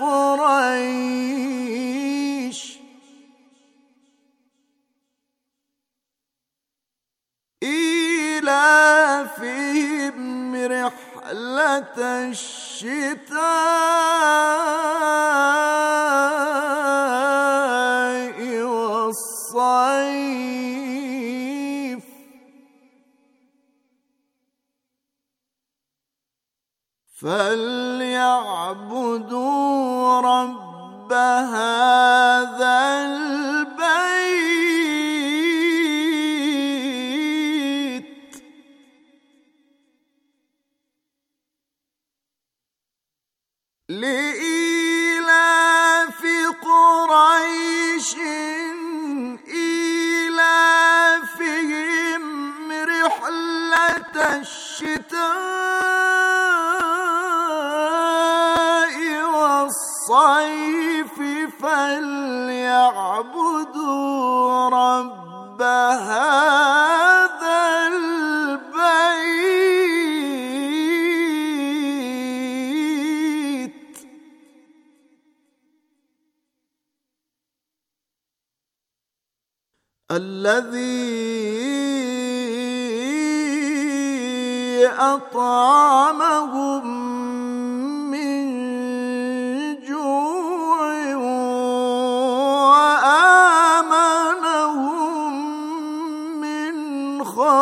قريش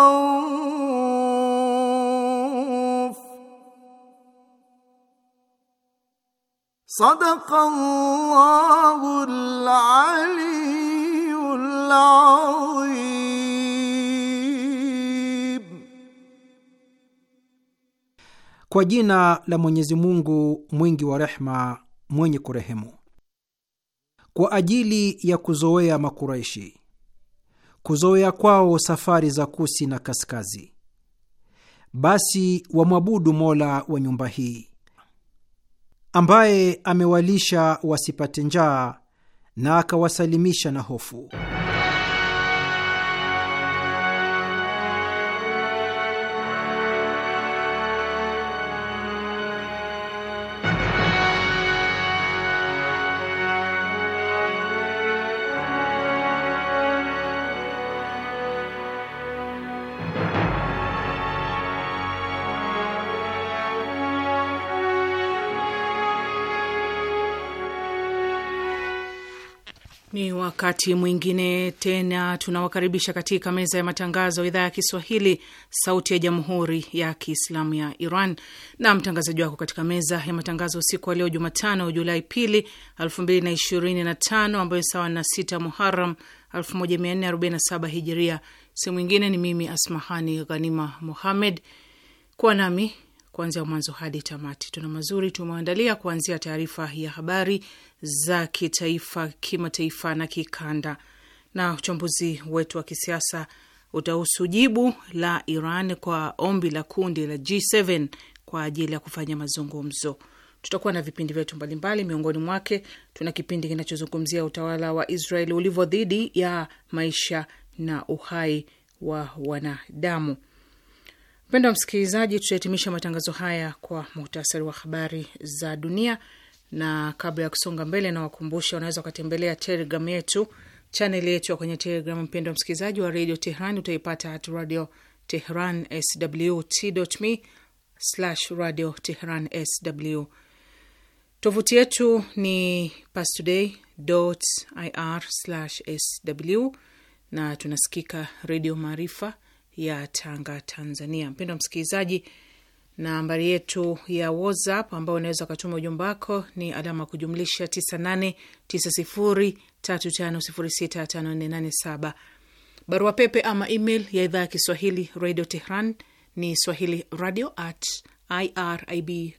الخوف صدق الله العلي العظيم Kwa jina la Mwenyezi Mungu mwingi wa rehma mwenye kurehemu. Kwa ajili ya kuzoea Makuraishi kuzoea kwao safari za kusi na kaskazi, basi wamwabudu Mola wa nyumba hii ambaye amewalisha wasipate njaa na akawasalimisha na hofu. wakati mwingine tena tunawakaribisha katika meza ya matangazo idhaa ya Kiswahili, sauti ya jamhuri ya kiislamu ya Iran na mtangazaji wako katika meza ya matangazo usiku wa leo Jumatano Julai pili elfu mbili na ishirini na tano ambayo ni sawa na sita Muharam elfu moja mia nne arobaini na saba hijiria. Sehemu ingine ni mimi Asmahani Ghanima Muhammed, kuwa nami kuanzia mwanzo hadi tamati. Tuna mazuri tumeandalia, kuanzia taarifa ya habari za kitaifa, kimataifa na kikanda, na uchambuzi wetu wa kisiasa utahusu jibu la Iran kwa ombi la kundi la G7 kwa ajili ya kufanya mazungumzo. Tutakuwa na vipindi vyetu mbalimbali, miongoni mwake tuna kipindi kinachozungumzia utawala wa Israeli ulivyo dhidi ya maisha na uhai wa wanadamu. Mpendwa msikilizaji, tutahitimisha matangazo haya kwa muhtasari wa habari za dunia, na kabla ya kusonga mbele, nawakumbusha unaweza ukatembelea telegram yetu, chaneli yetu ya kwenye Telegram. Mpendwa msikilizaji wa redio Tehran, utaipata at radio tehran sw t.me slash radio tehran sw. Tovuti yetu ni pastoday ir sw, na tunasikika redio Maarifa ya Tanga, Tanzania. Mpendwa msikilizaji, nambari yetu ya WhatsApp ambayo unaweza ukatuma ujumbe wako ni alama kujumlisha 989035065487. Barua pepe ama email ya idhaa ya Kiswahili Radio Tehran ni swahili radio at irib ir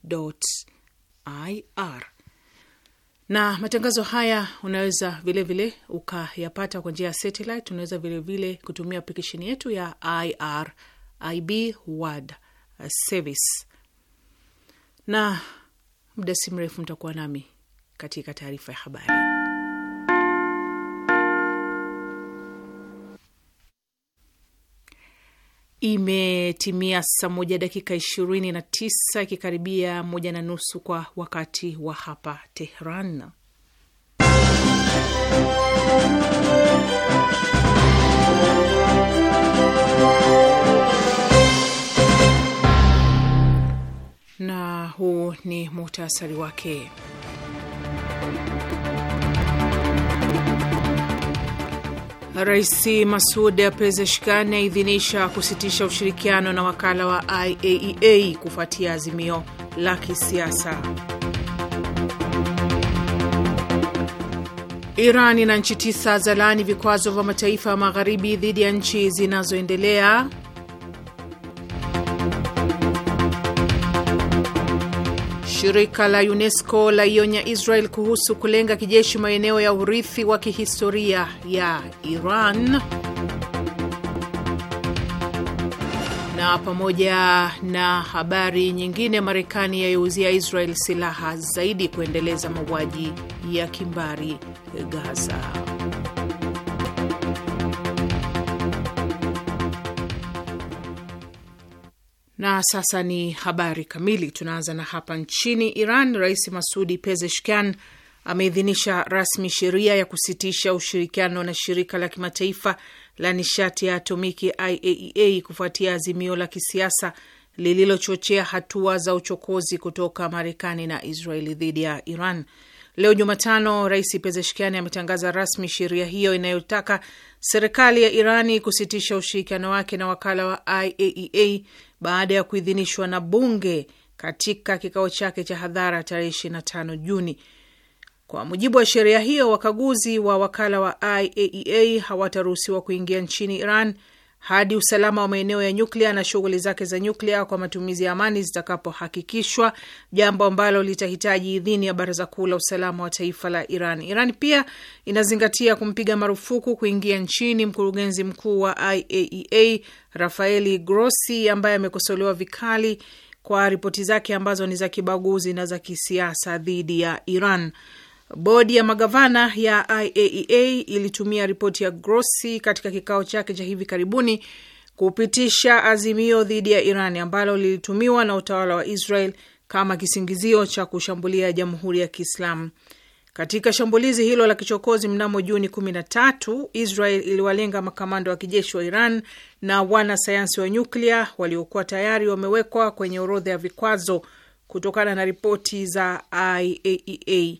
na matangazo haya unaweza vilevile ukayapata kwa njia ya satellite. Unaweza vilevile kutumia aplikesheni yetu ya IRIB World Service, na muda si mrefu mtakuwa nami katika taarifa ya habari. Imetimia saa moja dakika ishirini na tisa ikikaribia moja na nusu kwa wakati wa hapa Tehran. Na huu ni muhtasari wake. Rais Masud Pezeshkian aidhinisha kusitisha ushirikiano na wakala wa IAEA e kufuatia azimio la kisiasa. Iran na nchi tisa zalani vikwazo vya mataifa ya magharibi dhidi ya nchi zinazoendelea. Shirika la UNESCO laionya Israel kuhusu kulenga kijeshi maeneo ya urithi wa kihistoria ya Iran. Na pamoja na habari nyingine, Marekani yaiuzia Israel silaha zaidi kuendeleza mauaji ya kimbari Gaza. Na sasa ni habari kamili. Tunaanza na hapa nchini Iran. Rais Masudi Pezeshkian ameidhinisha rasmi sheria ya kusitisha ushirikiano na shirika la kimataifa la nishati ya atomiki IAEA e kufuatia azimio la kisiasa lililochochea hatua za uchokozi kutoka Marekani na Israeli dhidi ya Iran. Leo Jumatano, Rais Pezeshkiani ametangaza rasmi sheria hiyo inayotaka serikali ya Irani kusitisha ushirikiano wake na wakala wa IAEA e baada ya kuidhinishwa na bunge katika kikao chake cha hadhara tarehe 25 Juni. Kwa mujibu wa sheria hiyo, wakaguzi wa wakala wa IAEA e hawataruhusiwa kuingia nchini Iran hadi usalama wa maeneo ya nyuklia na shughuli zake za nyuklia kwa matumizi ya amani zitakapohakikishwa, jambo ambalo litahitaji idhini ya Baraza Kuu la Usalama wa Taifa la Iran. Iran pia inazingatia kumpiga marufuku kuingia nchini mkurugenzi mkuu wa IAEA e Rafaeli Grossi ambaye amekosolewa vikali kwa ripoti zake ambazo ni za kibaguzi na za kisiasa dhidi ya Iran. Bodi ya magavana ya IAEA e ilitumia ripoti ya Grossi katika kikao chake cha hivi karibuni kupitisha azimio dhidi ya Iran ambalo lilitumiwa na utawala wa Israel kama kisingizio cha kushambulia jamhuri ya Kiislamu. Katika shambulizi hilo la kichokozi mnamo Juni 13, Israel iliwalenga makamanda wa kijeshi wa Iran na wanasayansi wa nyuklia waliokuwa tayari wamewekwa kwenye orodha ya vikwazo kutokana na ripoti za IAEA. E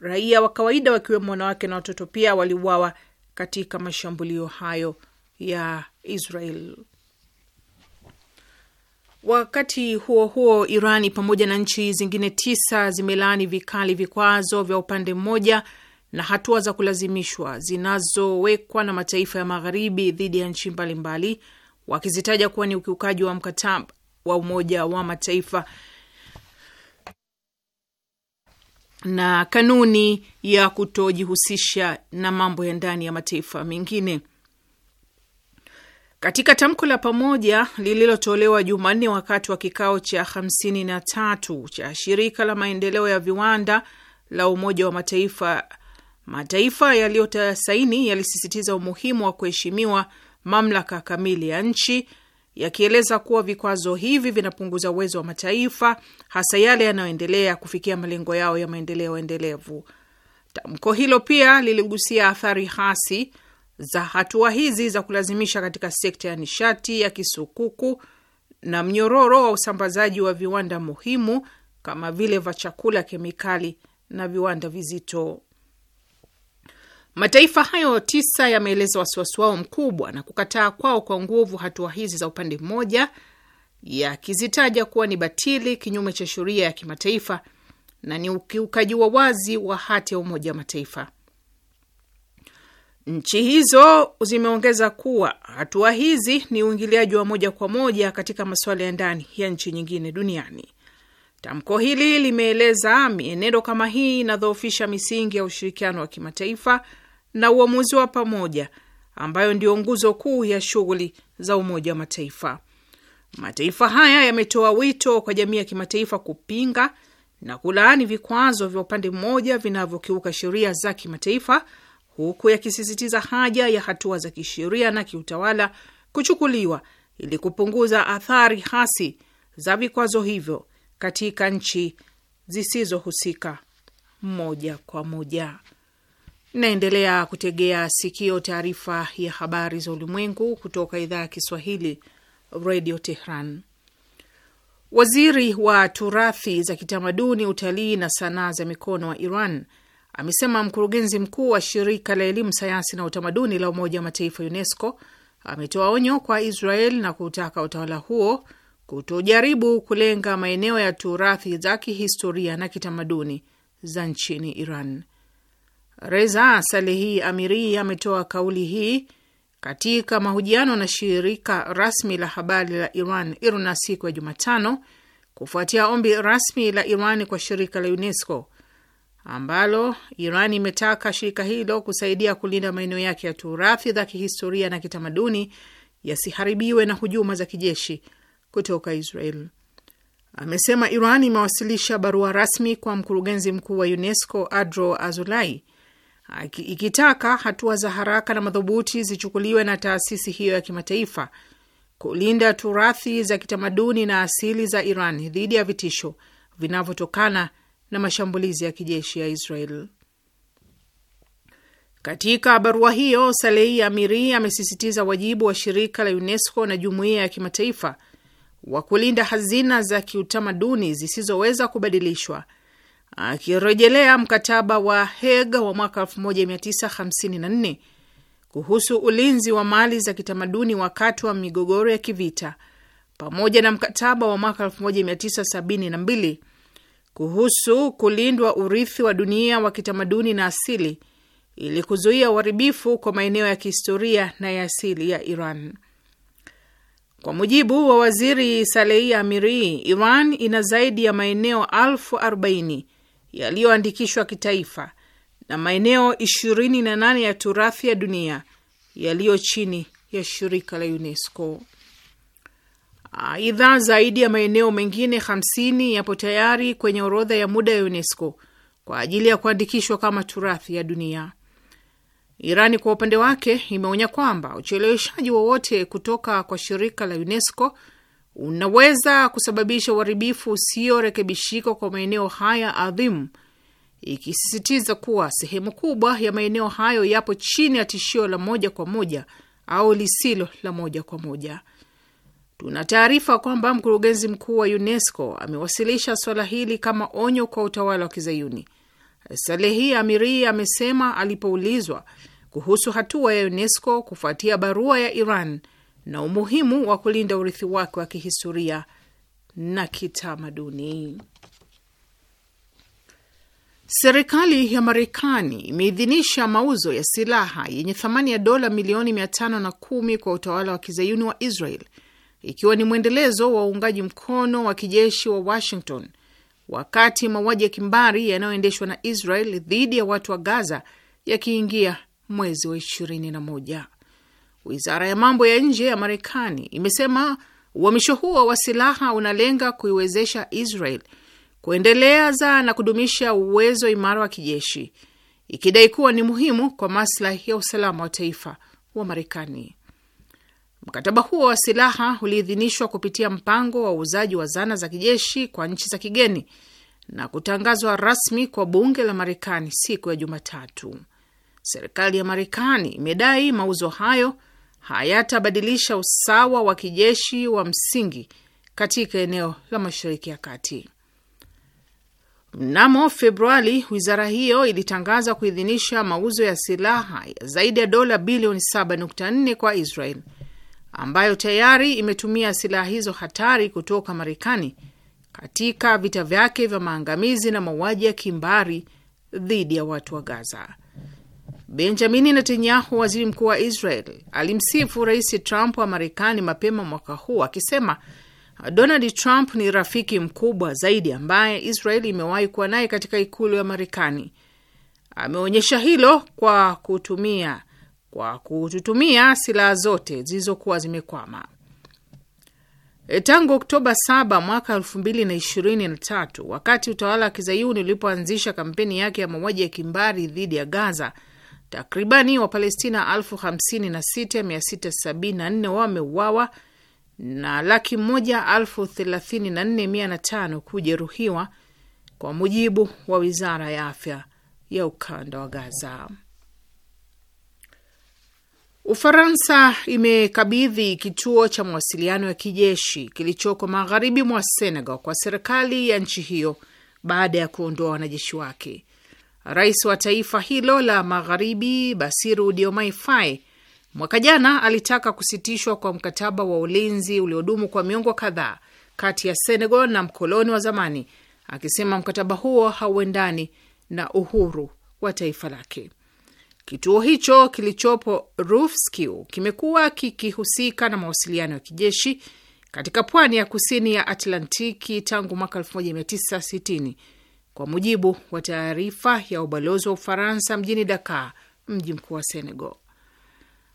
Raia wa kawaida wakiwemo wanawake na watoto pia waliuawa katika mashambulio hayo ya Israel. Wakati huo huo, Irani pamoja na nchi zingine tisa zimelaani vikali vikwazo vya upande mmoja na hatua za kulazimishwa zinazowekwa na mataifa ya Magharibi dhidi ya nchi mbalimbali, wakizitaja kuwa ni ukiukaji wa mkataba wa Umoja wa Mataifa na kanuni ya kutojihusisha na mambo ya ndani ya mataifa mengine. Katika tamko la pamoja lililotolewa Jumanne wakati wa kikao cha hamsini na tatu cha shirika la maendeleo ya viwanda la Umoja wa Mataifa, mataifa yaliyotasaini yalisisitiza umuhimu wa kuheshimiwa mamlaka kamili ya nchi yakieleza kuwa vikwazo hivi vinapunguza uwezo wa mataifa hasa yale yanayoendelea kufikia malengo yao ya maendeleo endelevu. Tamko hilo pia liligusia athari hasi za hatua hizi za kulazimisha katika sekta ya nishati ya kisukuku na mnyororo wa usambazaji wa viwanda muhimu kama vile vya chakula, kemikali na viwanda vizito. Mataifa hayo tisa yameeleza wasiwasi wao mkubwa na kukataa kwao kwa nguvu hatua hizi za upande mmoja, yakizitaja kuwa ni batili, kinyume cha sheria ya kimataifa na ni ukiukaji wa wazi wa hati ya Umoja wa Mataifa. Nchi hizo zimeongeza kuwa hatua hizi ni uingiliaji wa moja kwa moja katika masuala ya ndani ya nchi nyingine duniani. Tamko hili limeeleza, mienendo kama hii inadhoofisha misingi ya ushirikiano wa kimataifa na uamuzi wa pamoja ambayo ndiyo nguzo kuu ya shughuli za Umoja wa Mataifa. Mataifa haya yametoa wito kwa jamii ya kimataifa kupinga na kulaani vikwazo vya upande mmoja vinavyokiuka sheria za kimataifa, huku yakisisitiza haja ya hatua za kisheria na kiutawala kuchukuliwa ili kupunguza athari hasi za vikwazo hivyo katika nchi zisizohusika moja kwa moja. Naendelea kutegea sikio taarifa ya habari za ulimwengu kutoka idhaa ya Kiswahili, Radio Tehran. Waziri wa turathi za kitamaduni, utalii na sanaa za mikono wa Iran amesema mkurugenzi mkuu wa shirika la elimu, sayansi na utamaduni la Umoja wa Mataifa, UNESCO, ametoa onyo kwa Israel na kutaka utawala huo kutojaribu kulenga maeneo ya turathi za kihistoria na kitamaduni za nchini Iran. Reza Salehi Amiri ametoa kauli hii katika mahojiano na shirika rasmi la habari la Iran IRNA siku ya Jumatano kufuatia ombi rasmi la Iran kwa shirika la UNESCO ambalo Iran imetaka shirika hilo kusaidia kulinda maeneo yake ya turathi za kihistoria na kitamaduni yasiharibiwe na hujuma za kijeshi kutoka Israel. Amesema Iran imewasilisha barua rasmi kwa mkurugenzi mkuu wa UNESCO Adro Azulai ikitaka hatua za haraka na madhubuti zichukuliwe na taasisi hiyo ya kimataifa kulinda turathi za kitamaduni na asili za Iran dhidi ya vitisho vinavyotokana na mashambulizi ya kijeshi ya Israel. Katika barua hiyo, Salehi Amiri amesisitiza wajibu wa shirika la UNESCO na jumuiya ya kimataifa wa kulinda hazina za kiutamaduni zisizoweza kubadilishwa akirejelea mkataba wa Hague wa mwaka 1954 kuhusu ulinzi wa mali za kitamaduni wakati wa migogoro ya kivita pamoja na mkataba wa mwaka 1972 kuhusu kulindwa urithi wa dunia wa kitamaduni na asili ili kuzuia uharibifu kwa maeneo ya kihistoria na ya asili ya Iran. Kwa mujibu wa waziri Salehi Amiri, Iran ina zaidi ya maeneo elfu arobaini yaliyoandikishwa kitaifa na maeneo 28 ya turathi ya dunia yaliyo chini ya shirika la UNESCO. Aidha, zaidi ya maeneo mengine 50 yapo tayari kwenye orodha ya muda ya UNESCO kwa ajili ya kuandikishwa kama turathi ya dunia. Irani kwa upande wake imeonya kwamba ucheleweshaji wowote kutoka kwa shirika la UNESCO unaweza kusababisha uharibifu usiorekebishika kwa maeneo haya adhimu, ikisisitiza kuwa sehemu kubwa ya maeneo hayo yapo chini ya tishio la moja kwa moja au lisilo la moja kwa moja. Tuna taarifa kwamba mkurugenzi mkuu wa UNESCO amewasilisha swala hili kama onyo kwa utawala wa Kizayuni. Salehi Amiri amesema alipoulizwa kuhusu hatua ya UNESCO kufuatia barua ya Iran na umuhimu wa kulinda urithi wake wa kihistoria na kitamaduni. Serikali ya Marekani imeidhinisha mauzo ya silaha yenye thamani ya dola milioni kumi kwa utawala wa kizayuni wa Israel, ikiwa ni mwendelezo wa uungaji mkono wa kijeshi wa Washington wakati mauaji ya kimbari yanayoendeshwa na Israel dhidi ya watu wa Gaza yakiingia mwezi wa 21. Wizara ya mambo ya nje ya Marekani imesema uhamisho huo wa silaha unalenga kuiwezesha Israel kuendeleza na kudumisha uwezo imara wa kijeshi, ikidai kuwa ni muhimu kwa maslahi ya usalama wa taifa wa Marekani. Mkataba huo wa silaha uliidhinishwa kupitia mpango wa uuzaji wa zana za kijeshi kwa nchi za kigeni na kutangazwa rasmi kwa bunge la Marekani siku ya Jumatatu. Serikali ya Marekani imedai mauzo hayo hayatabadilisha usawa wa kijeshi wa msingi katika eneo la Mashariki ya Kati. Mnamo Februari, wizara hiyo ilitangaza kuidhinisha mauzo ya silaha zaidi ya dola bilioni 7.4 kwa Israel ambayo tayari imetumia silaha hizo hatari kutoka Marekani katika vita vyake vya maangamizi na mauaji ya kimbari dhidi ya watu wa Gaza. Benjamini Netanyahu, waziri mkuu wa Israel, alimsifu Rais Trump wa Marekani mapema mwaka huu akisema Donald Trump ni rafiki mkubwa zaidi ambaye Israel imewahi kuwa naye katika ikulu ya Marekani. Ameonyesha hilo kwa kutumia kwa kututumia silaha zote zilizokuwa zimekwama tangu Oktoba 7 mwaka 2023 wakati utawala wa kizayuni ulipoanzisha kampeni yake ya mauaji ya kimbari dhidi ya Gaza Takribani Wapalestina 56674 wameuawa na laki moja elfu thelathini na nne mia na tano kujeruhiwa kwa mujibu wa wizara ya afya ya ukanda wa Gaza. Ufaransa imekabidhi kituo cha mawasiliano ya kijeshi kilichoko magharibi mwa Senegal kwa serikali ya nchi hiyo baada ya kuondoa wanajeshi wake. Rais wa taifa hilo la magharibi Basiru Diomaye Faye mwaka jana alitaka kusitishwa kwa mkataba wa ulinzi uliodumu kwa miongo kadhaa kati ya Senegal na mkoloni wa zamani, akisema mkataba huo hauendani na uhuru wa taifa lake. Kituo hicho kilichopo rufskiu kimekuwa kikihusika na mawasiliano ya kijeshi katika pwani ya kusini ya Atlantiki tangu mwaka 1960 kwa mujibu wa taarifa ya ubalozi wa Ufaransa mjini Dakar, mji mkuu wa Senegal,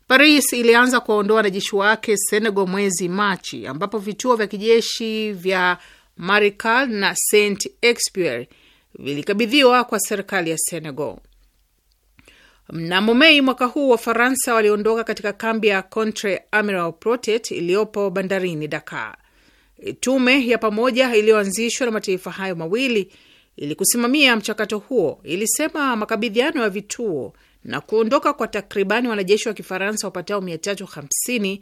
Paris ilianza kuwaondoa wanajeshi wake Senegal mwezi Machi, ambapo vituo vya kijeshi vya marical na Saint expier vilikabidhiwa kwa serikali ya Senegal. Mnamo Mei mwaka huu, Wafaransa waliondoka katika kambi ya Contre Amiral Protet iliyopo bandarini Dakar. Tume ya pamoja iliyoanzishwa na mataifa hayo mawili ili kusimamia mchakato huo, ilisema makabidhiano ya vituo na kuondoka kwa takribani wanajeshi wa Kifaransa wapatao 350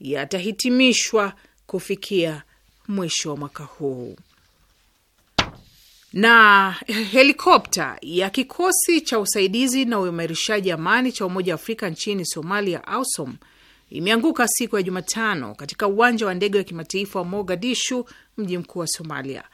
yatahitimishwa kufikia mwisho wa mwaka huu. Na helikopta ya kikosi cha usaidizi na uimarishaji amani cha Umoja wa Afrika nchini Somalia, AUSOM, imeanguka siku ya Jumatano katika uwanja wa ndege wa kimataifa wa Mogadishu, mji mkuu wa Somalia.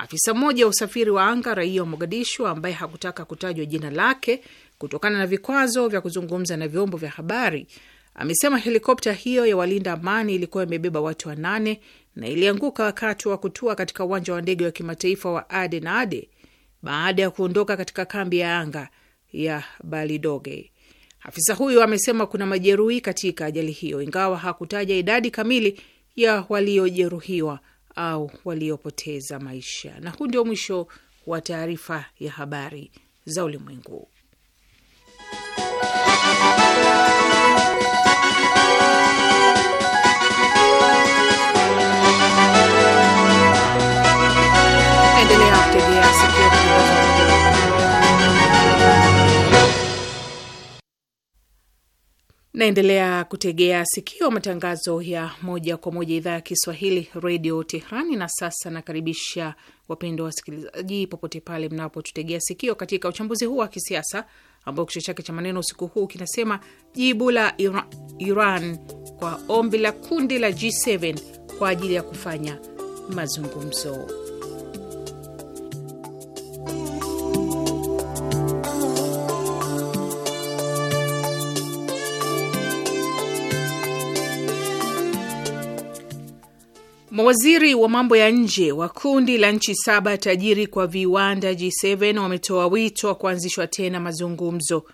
Afisa mmoja wa usafiri wa anga raia wa Mogadishu ambaye hakutaka kutajwa jina lake kutokana na vikwazo vya kuzungumza na vyombo vya habari amesema helikopta hiyo ya walinda amani ilikuwa imebeba watu wanane na ilianguka wakati wa kutua katika uwanja wa ndege wa kimataifa wa na Ade baada ya kuondoka katika kambi ya anga ya Balidoge. Afisa huyo amesema kuna majeruhi katika ajali hiyo, ingawa hakutaja idadi kamili ya waliojeruhiwa au waliopoteza maisha. Na huu ndio mwisho wa taarifa ya habari za ulimwengu. Endelea kutegea sikio. Naendelea kutegea sikio matangazo ya moja kwa moja idhaa ya Kiswahili redio Tehrani. Na sasa nakaribisha wapendwa wasikilizaji, popote pale mnapotutegea sikio, katika uchambuzi huu wa kisiasa ambao kichwa chake cha maneno usiku huu kinasema jibu la Iran, Iran kwa ombi la kundi la G7 kwa ajili ya kufanya mazungumzo. Mawaziri wa mambo ya nje wa kundi la nchi saba tajiri kwa viwanda G7 wametoa wito wa kuanzishwa tena mazungumzo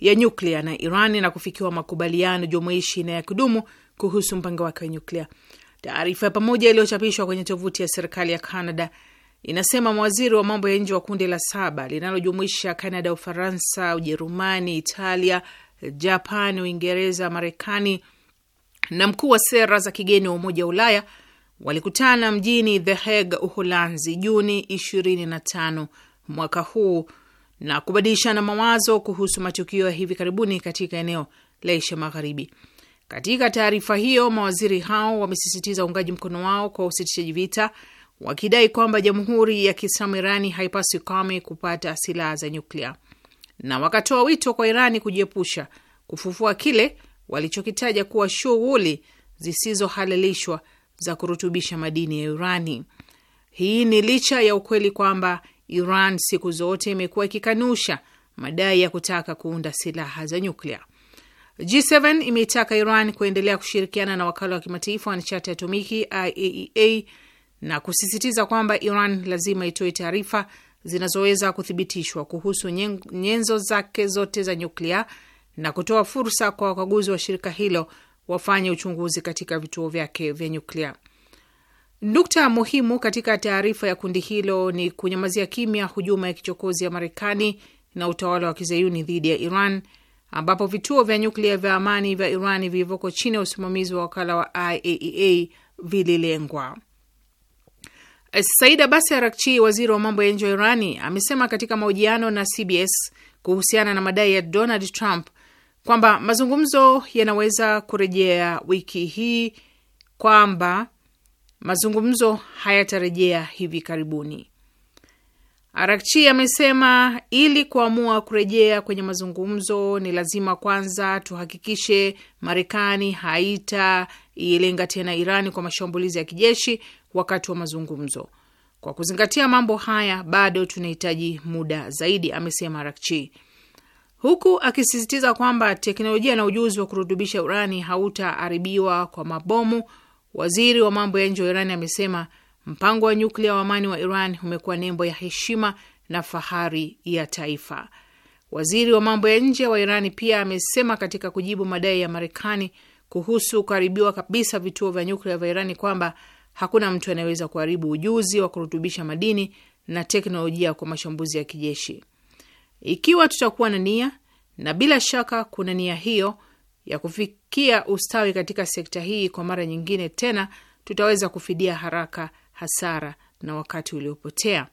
ya nyuklia na Iran na kufikiwa makubaliano jumuishi na ya kudumu kuhusu mpango wake wa nyuklia. Taarifa ya pamoja iliyochapishwa kwenye tovuti ya serikali ya Canada inasema mawaziri wa mambo ya nje wa kundi la saba linalojumuisha Canada, Ufaransa, Ujerumani, Italia, Japan, Uingereza, Marekani na mkuu wa sera za kigeni wa Umoja wa Ulaya walikutana mjini The Hague, Uholanzi, Juni 25 mwaka huu na kubadilishana mawazo kuhusu matukio ya hivi karibuni katika eneo la Asia Magharibi. Katika taarifa hiyo, mawaziri hao wamesisitiza uungaji mkono wao kwa usitishaji vita, wakidai kwamba Jamhuri ya Kiislamu Irani haipaswi kamwe kupata silaha za nyuklia, na wakatoa wito kwa Irani kujiepusha kufufua kile walichokitaja kuwa shughuli zisizohalalishwa za kurutubisha madini ya urani. Hii ni licha ya ukweli kwamba Iran siku zote imekuwa ikikanusha madai ya kutaka kuunda silaha za nyuklia. G7 imeitaka Iran kuendelea kushirikiana na wakala wa kimataifa wa nishati ya atomiki IAEA e na kusisitiza kwamba Iran lazima itoe taarifa zinazoweza kuthibitishwa kuhusu nyenzo zake zote za nyuklia na kutoa fursa kwa wakaguzi wa shirika hilo wafanye uchunguzi katika vituo vyake vya nyuklia. Nukta muhimu katika taarifa ya kundi hilo ni kunyamazia kimya hujuma ya kichokozi ya Marekani na utawala wa kizayuni dhidi ya Iran, ambapo vituo vya nyuklia vya amani vya Iran vilivyoko chini ya usimamizi wa wakala wa IAEA e vililengwa. Said Abasi Arakchi, waziri wa mambo ya nje wa Irani, amesema katika mahojiano na CBS kuhusiana na madai ya Donald Trump kwamba mazungumzo yanaweza kurejea wiki hii, kwamba mazungumzo hayatarejea hivi karibuni. Arakchi amesema ili kuamua kurejea kwenye mazungumzo ni lazima kwanza tuhakikishe Marekani haitailenga tena Irani kwa mashambulizi ya kijeshi wakati wa mazungumzo. Kwa kuzingatia mambo haya, bado tunahitaji muda zaidi, amesema Arakchi huku akisisitiza kwamba teknolojia na ujuzi wa kurutubisha urani hautaharibiwa kwa mabomu. Waziri wa mambo ya nje wa Iran amesema mpango wa nyuklia wa amani wa Iran umekuwa nembo ya heshima na fahari ya taifa. Waziri wa mambo ya nje wa Iran pia amesema katika kujibu madai ya Marekani kuhusu kuharibiwa kabisa vituo vya nyuklia vya Irani kwamba hakuna mtu anayeweza kuharibu ujuzi wa kurutubisha madini na teknolojia kwa mashambuzi ya kijeshi ikiwa tutakuwa na nia, na bila shaka kuna nia hiyo ya kufikia ustawi katika sekta hii kwa mara nyingine tena, tutaweza kufidia haraka hasara na wakati uliopotea.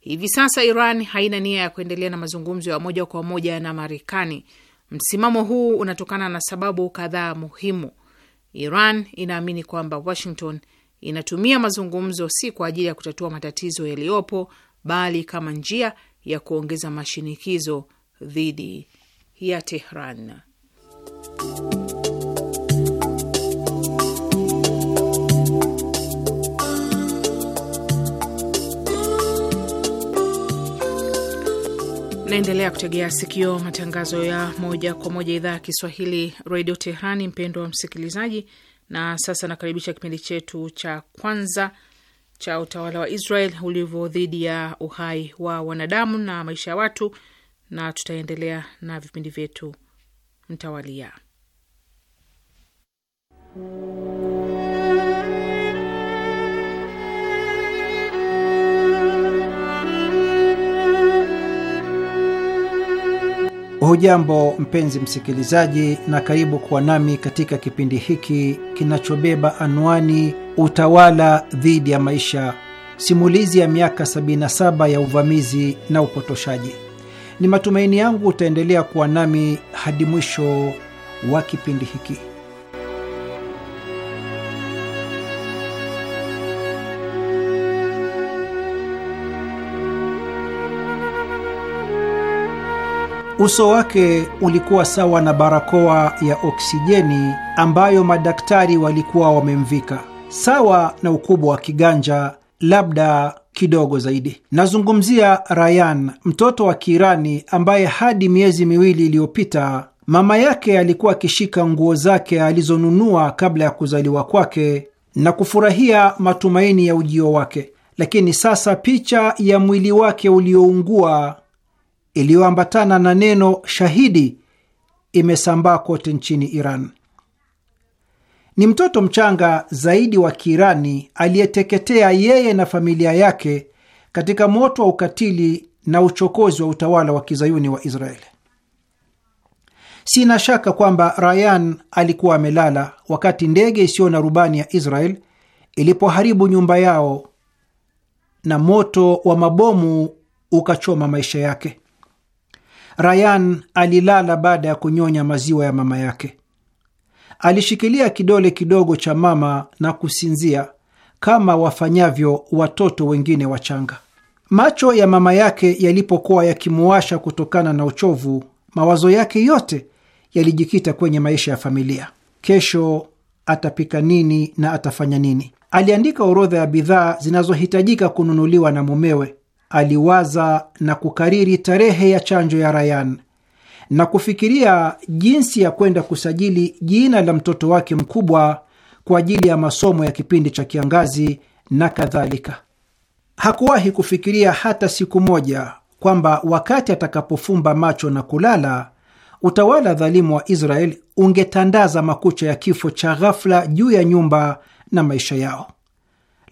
Hivi sasa Iran haina nia ya kuendelea na mazungumzo ya moja kwa moja na Marekani. Msimamo huu unatokana na sababu kadhaa muhimu. Iran inaamini kwamba Washington inatumia mazungumzo si kwa ajili ya kutatua matatizo yaliyopo, bali kama njia ya kuongeza mashinikizo dhidi ya Tehran. Naendelea kutegea sikio matangazo ya moja kwa moja idhaa ya Kiswahili redio Tehrani, mpendwa msikilizaji. Na sasa nakaribisha kipindi chetu cha kwanza cha utawala wa Israel ulivyo dhidi ya uhai wa wanadamu na maisha ya watu, na tutaendelea na vipindi vyetu mtawalia. Hujambo mpenzi msikilizaji, na karibu kuwa nami katika kipindi hiki kinachobeba anwani utawala dhidi ya maisha, simulizi ya miaka 77 ya uvamizi na upotoshaji. Ni matumaini yangu utaendelea kuwa nami hadi mwisho wa kipindi hiki. Uso wake ulikuwa sawa na barakoa ya oksijeni ambayo madaktari walikuwa wamemvika sawa na ukubwa wa kiganja, labda kidogo zaidi. Nazungumzia Rayan, mtoto wa Kiirani ambaye hadi miezi miwili iliyopita mama yake alikuwa akishika nguo zake alizonunua kabla ya kuzaliwa kwake na kufurahia matumaini ya ujio wake, lakini sasa picha ya mwili wake ulioungua iliyoambatana na neno shahidi imesambaa kote nchini Iran. Ni mtoto mchanga zaidi wa Kiirani aliyeteketea yeye na familia yake katika moto wa ukatili na uchokozi wa utawala wa kizayuni wa Israeli. Sina shaka kwamba Rayan alikuwa amelala wakati ndege isiyo na rubani ya Israel ilipoharibu nyumba yao na moto wa mabomu ukachoma maisha yake. Rayan alilala baada ya kunyonya maziwa ya mama yake. Alishikilia kidole kidogo cha mama na kusinzia kama wafanyavyo watoto wengine wachanga. Macho ya mama yake yalipokuwa yakimuwasha kutokana na uchovu, mawazo yake yote yalijikita kwenye maisha ya familia. Kesho atapika nini na atafanya nini? Aliandika orodha ya bidhaa zinazohitajika kununuliwa na mumewe. Aliwaza na kukariri tarehe ya chanjo ya Rayan na kufikiria jinsi ya kwenda kusajili jina la mtoto wake mkubwa kwa ajili ya masomo ya kipindi cha kiangazi na kadhalika. Hakuwahi kufikiria hata siku moja kwamba wakati atakapofumba macho na kulala, utawala dhalimu wa Israel ungetandaza makucha ya kifo cha ghafla juu ya nyumba na maisha yao.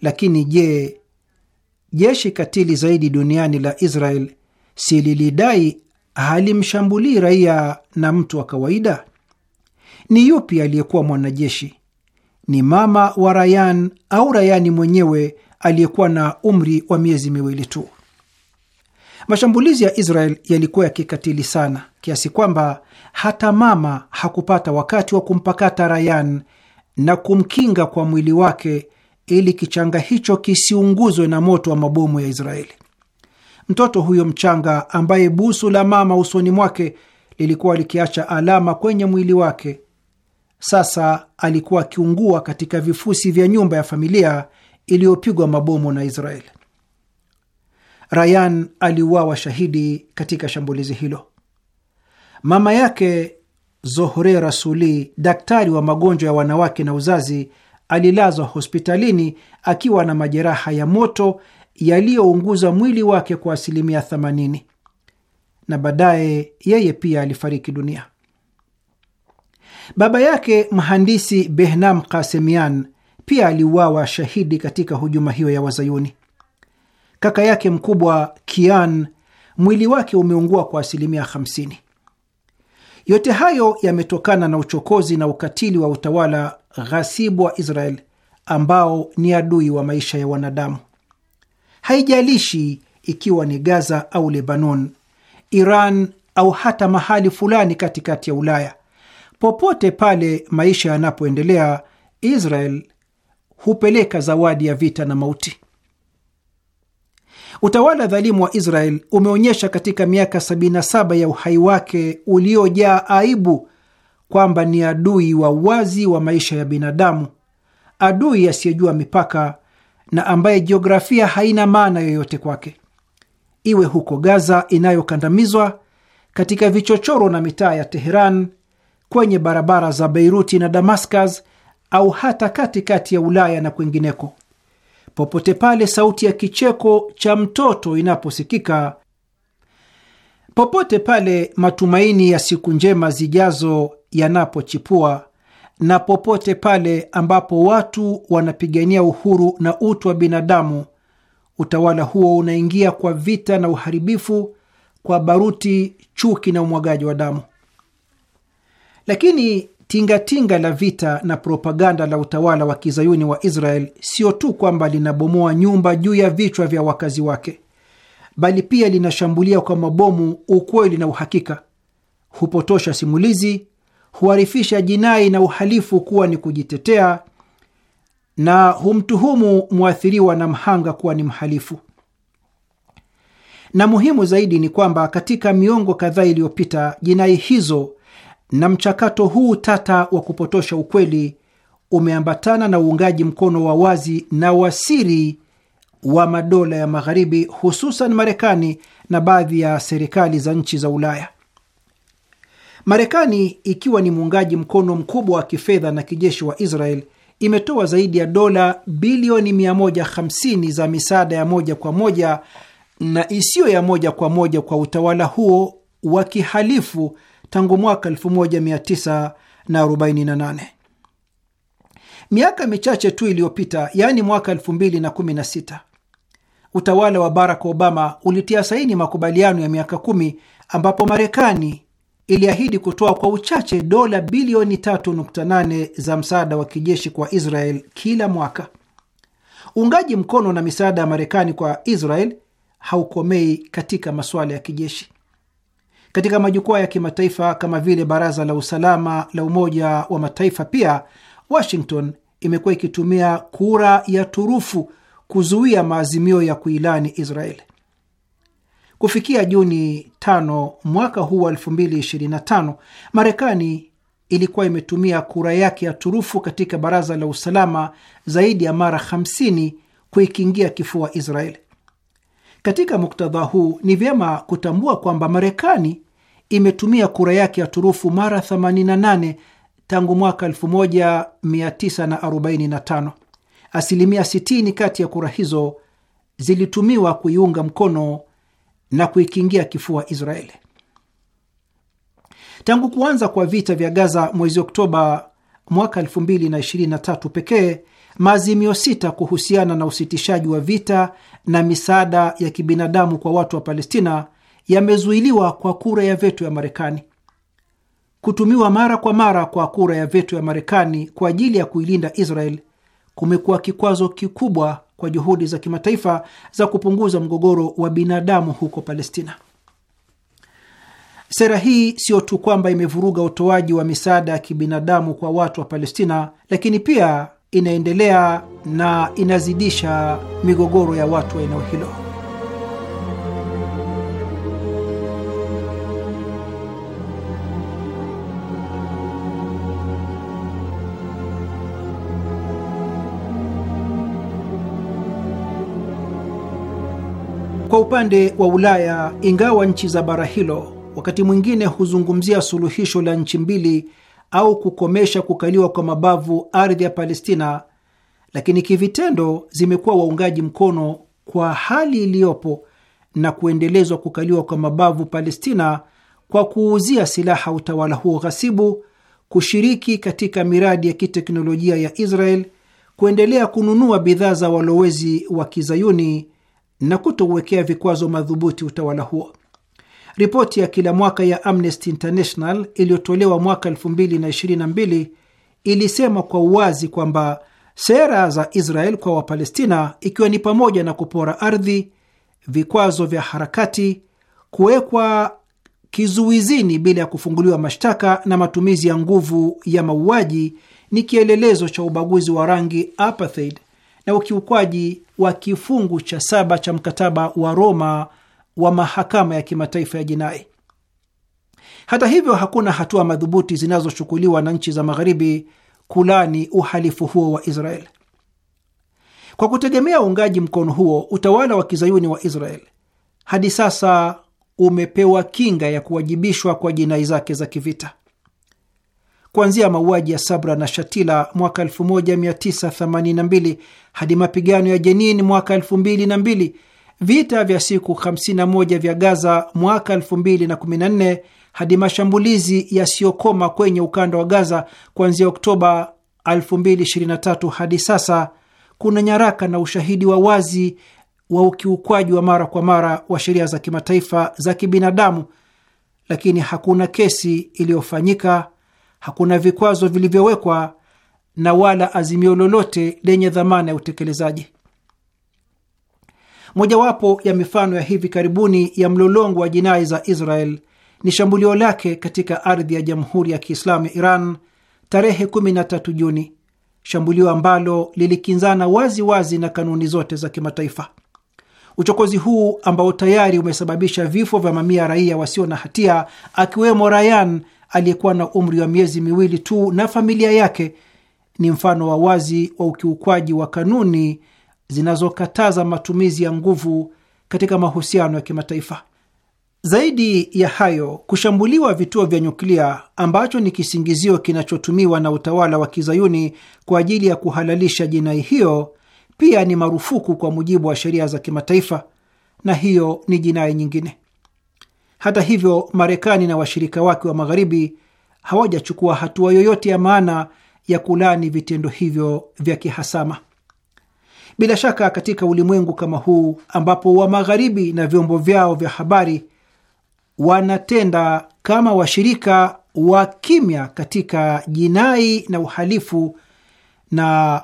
Lakini je, jeshi katili zaidi duniani la Israel si lilidai halimshambulii raia na mtu wa kawaida? Ni yupi aliyekuwa mwanajeshi? Ni mama wa Rayan au Rayani mwenyewe aliyekuwa na umri wa miezi miwili tu? Mashambulizi ya Israel yalikuwa ya kikatili sana kiasi kwamba hata mama hakupata wakati wa kumpakata Rayan na kumkinga kwa mwili wake ili kichanga hicho kisiunguzwe na moto wa mabomu ya Israeli. Mtoto huyo mchanga ambaye busu la mama usoni mwake lilikuwa likiacha alama kwenye mwili wake, sasa alikuwa akiungua katika vifusi vya nyumba ya familia iliyopigwa mabomu na Israeli. Rayan aliuawa shahidi katika shambulizi hilo. Mama yake Zohre Rasuli, daktari wa magonjwa ya wanawake na uzazi, alilazwa hospitalini akiwa na majeraha ya moto yaliyounguza mwili wake kwa asilimia 80, na baadaye yeye pia alifariki dunia. Baba yake mhandisi Behnam Kasemian pia aliuawa shahidi katika hujuma hiyo ya Wazayuni. Kaka yake mkubwa Kian, mwili wake umeungua kwa asilimia 50. Yote hayo yametokana na uchokozi na ukatili wa utawala ghasibu wa Israel ambao ni adui wa maisha ya wanadamu haijalishi ikiwa ni Gaza au Lebanon, Iran au hata mahali fulani katikati ya Ulaya. Popote pale maisha yanapoendelea, Israel hupeleka zawadi ya vita na mauti. Utawala dhalimu wa Israel umeonyesha katika miaka 77 ya uhai wake uliojaa aibu kwamba ni adui wa wazi wa maisha ya binadamu, adui asiyejua mipaka na ambaye jiografia haina maana yoyote kwake, iwe huko Gaza inayokandamizwa, katika vichochoro na mitaa ya Teheran, kwenye barabara za Beiruti na Damascus, au hata katikati kati ya Ulaya na kwengineko. Popote pale sauti ya kicheko cha mtoto inaposikika, popote pale matumaini ya siku njema zijazo yanapochipua, na popote pale ambapo watu wanapigania uhuru na utu wa binadamu, utawala huo unaingia kwa vita na uharibifu, kwa baruti, chuki na umwagaji wa damu. Lakini tingatinga la vita na propaganda la utawala wa kizayuni wa Israel sio tu kwamba linabomoa nyumba juu ya vichwa vya wakazi wake, bali pia linashambulia kwa mabomu ukweli na uhakika, hupotosha simulizi huarifisha jinai na uhalifu kuwa ni kujitetea na humtuhumu mwathiriwa na mhanga kuwa ni mhalifu. Na muhimu zaidi ni kwamba katika miongo kadhaa iliyopita, jinai hizo na mchakato huu tata wa kupotosha ukweli umeambatana na uungaji mkono wa wazi na wasiri wa madola ya Magharibi, hususan Marekani na baadhi ya serikali za nchi za Ulaya. Marekani ikiwa ni muungaji mkono mkubwa wa kifedha na kijeshi wa Israel imetoa zaidi ya dola bilioni 150 za misaada ya moja kwa moja na isiyo ya moja kwa moja kwa utawala huo wa kihalifu tangu mwaka 1948. Miaka michache tu iliyopita, yaani mwaka 2016, utawala wa Barack Obama ulitia saini makubaliano ya miaka kumi ambapo Marekani iliahidi kutoa kwa uchache dola bilioni 3.8 za msaada wa kijeshi kwa Israel kila mwaka. Uungaji mkono na misaada ya Marekani kwa Israel haukomei katika masuala ya kijeshi. Katika majukwaa ya kimataifa kama vile Baraza la Usalama la Umoja wa Mataifa, pia Washington imekuwa ikitumia kura ya turufu kuzuia maazimio ya kuilani Israel. Kufikia Juni a mwaka huu wa 2025 Marekani ilikuwa imetumia kura yake ya turufu katika baraza la usalama zaidi ya mara 50 kuikingia kifua Israeli. Katika muktadha huu, ni vyema kutambua kwamba Marekani imetumia kura yake ya turufu mara 88 tangu mwaka 1945. Asilimia 60 kati ya kura hizo zilitumiwa kuiunga mkono na kuikingia kifua Israeli. Tangu kuanza kwa vita vya Gaza mwezi Oktoba mwaka 2023 pekee, maazimio sita kuhusiana na usitishaji wa vita na misaada ya kibinadamu kwa watu wa Palestina yamezuiliwa kwa kura ya veto ya Marekani. Kutumiwa mara kwa mara kwa kura ya veto ya Marekani kwa ajili ya kuilinda Israel kumekuwa kikwazo kikubwa kwa juhudi za kimataifa za kupunguza mgogoro wa binadamu huko Palestina. Sera hii siyo tu kwamba imevuruga utoaji wa misaada ya kibinadamu kwa watu wa Palestina, lakini pia inaendelea na inazidisha migogoro ya watu wa eneo hilo. Kwa upande wa Ulaya, ingawa nchi za bara hilo wakati mwingine huzungumzia suluhisho la nchi mbili au kukomesha kukaliwa kwa mabavu ardhi ya Palestina, lakini kivitendo zimekuwa waungaji mkono kwa hali iliyopo na kuendelezwa kukaliwa kwa mabavu Palestina kwa kuuzia silaha utawala huo ghasibu, kushiriki katika miradi ya kiteknolojia ya Israel, kuendelea kununua bidhaa za walowezi wa kizayuni na kutouwekea vikwazo madhubuti utawala huo. Ripoti ya kila mwaka ya Amnesty International iliyotolewa mwaka 2022 ilisema kwa uwazi kwamba sera za Israel kwa Wapalestina, ikiwa ni pamoja na kupora ardhi, vikwazo vya harakati, kuwekwa kizuizini bila ya kufunguliwa mashtaka na matumizi ya nguvu ya mauaji, ni kielelezo cha ubaguzi wa rangi apartheid na ukiukwaji wa kifungu cha saba cha mkataba wa Roma wa mahakama ya kimataifa ya jinai. Hata hivyo, hakuna hatua madhubuti zinazochukuliwa na nchi za magharibi kulani uhalifu huo wa Israel. Kwa kutegemea uungaji mkono huo, utawala wa kizayuni wa Israel hadi sasa umepewa kinga ya kuwajibishwa kwa jinai zake za kivita kuanzia mauaji ya Sabra na Shatila mwaka 1982 hadi mapigano ya Jenin mwaka 2002, vita vya siku 51 vya Gaza mwaka 2014 hadi mashambulizi yasiyokoma kwenye ukanda wa Gaza kuanzia Oktoba 2023 hadi sasa, kuna nyaraka na ushahidi wa wazi wa ukiukwaji wa mara kwa mara wa sheria za kimataifa za kibinadamu, lakini hakuna kesi iliyofanyika hakuna vikwazo vilivyowekwa na wala azimio lolote lenye dhamana ya utekelezaji. Mojawapo ya mifano ya hivi karibuni ya mlolongo wa jinai za Israel ni shambulio lake katika ardhi ya Jamhuri ya Kiislamu ya Iran tarehe 13 Juni, shambulio ambalo lilikinzana wazi wazi na kanuni zote za kimataifa. Uchokozi huu ambao tayari umesababisha vifo vya mamia raia wasio na hatia akiwemo Rayan aliyekuwa na umri wa miezi miwili tu na familia yake ni mfano wa wazi wa ukiukwaji wa kanuni zinazokataza matumizi ya nguvu katika mahusiano ya kimataifa. Zaidi ya hayo, kushambuliwa vituo vya nyuklia ambacho ni kisingizio kinachotumiwa na utawala wa kizayuni kwa ajili ya kuhalalisha jinai hiyo pia ni marufuku kwa mujibu wa sheria za kimataifa, na hiyo ni jinai nyingine. Hata hivyo, Marekani na washirika wake wa magharibi hawajachukua hatua yoyote ya maana ya kulani vitendo hivyo vya kihasama. Bila shaka, katika ulimwengu kama huu ambapo wa magharibi na vyombo vyao vya habari wanatenda kama washirika wa kimya katika jinai na uhalifu na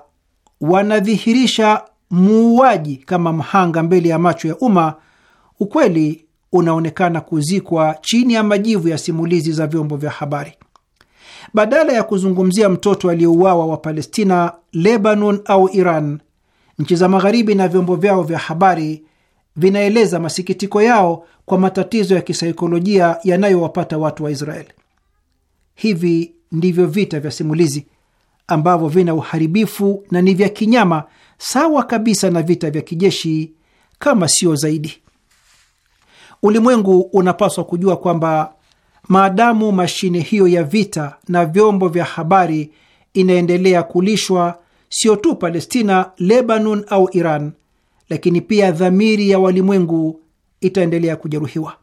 wanadhihirisha muuaji kama mhanga mbele ya macho ya umma, ukweli unaonekana kuzikwa chini ya majivu ya simulizi za vyombo vya habari. Badala ya kuzungumzia mtoto aliyeuawa wa Palestina, Lebanon au Iran, nchi za Magharibi na vyombo vyao vya habari vinaeleza masikitiko yao kwa matatizo ya kisaikolojia yanayowapata watu wa israel Hivi ndivyo vita vya simulizi ambavyo vina uharibifu na ni vya kinyama sawa kabisa na vita vya kijeshi, kama sio zaidi. Ulimwengu unapaswa kujua kwamba maadamu mashine hiyo ya vita na vyombo vya habari inaendelea kulishwa sio tu Palestina, Lebanon au Iran, lakini pia dhamiri ya walimwengu itaendelea kujeruhiwa.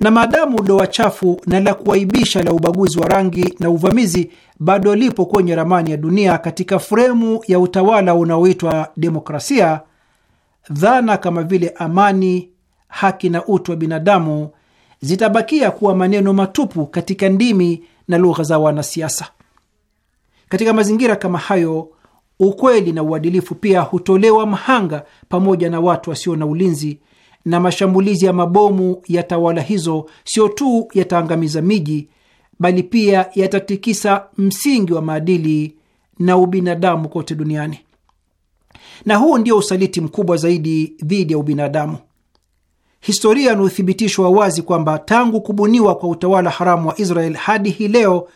Na maadamu doa chafu na la kuaibisha la ubaguzi wa rangi na uvamizi bado lipo kwenye ramani ya dunia katika fremu ya utawala unaoitwa demokrasia, dhana kama vile amani haki na utu wa binadamu zitabakia kuwa maneno matupu katika ndimi na lugha za wanasiasa. Katika mazingira kama hayo, ukweli na uadilifu pia hutolewa mhanga pamoja na watu wasio na ulinzi, na mashambulizi ya mabomu ya tawala hizo sio tu yataangamiza miji, bali pia yatatikisa msingi wa maadili na ubinadamu kote duniani. Na huu ndio usaliti mkubwa zaidi dhidi ya ubinadamu. Historia ni uthibitisho wa wazi kwamba tangu kubuniwa kwa utawala haramu wa Israel hadi hii leo,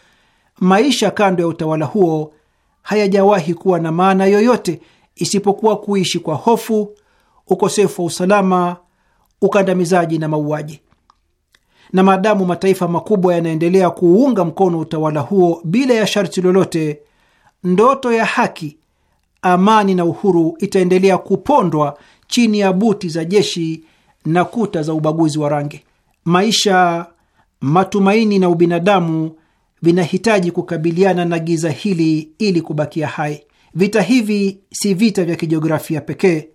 maisha kando ya utawala huo hayajawahi kuwa na maana yoyote isipokuwa kuishi kwa hofu, ukosefu wa usalama, ukandamizaji na mauaji. Na maadamu mataifa makubwa yanaendelea kuunga mkono utawala huo bila ya sharti lolote, ndoto ya haki, amani na uhuru itaendelea kupondwa chini ya buti za jeshi na kuta za ubaguzi wa rangi. Maisha, matumaini na ubinadamu vinahitaji kukabiliana na giza hili ili kubakia hai. Vita hivi si vita vya kijiografia pekee,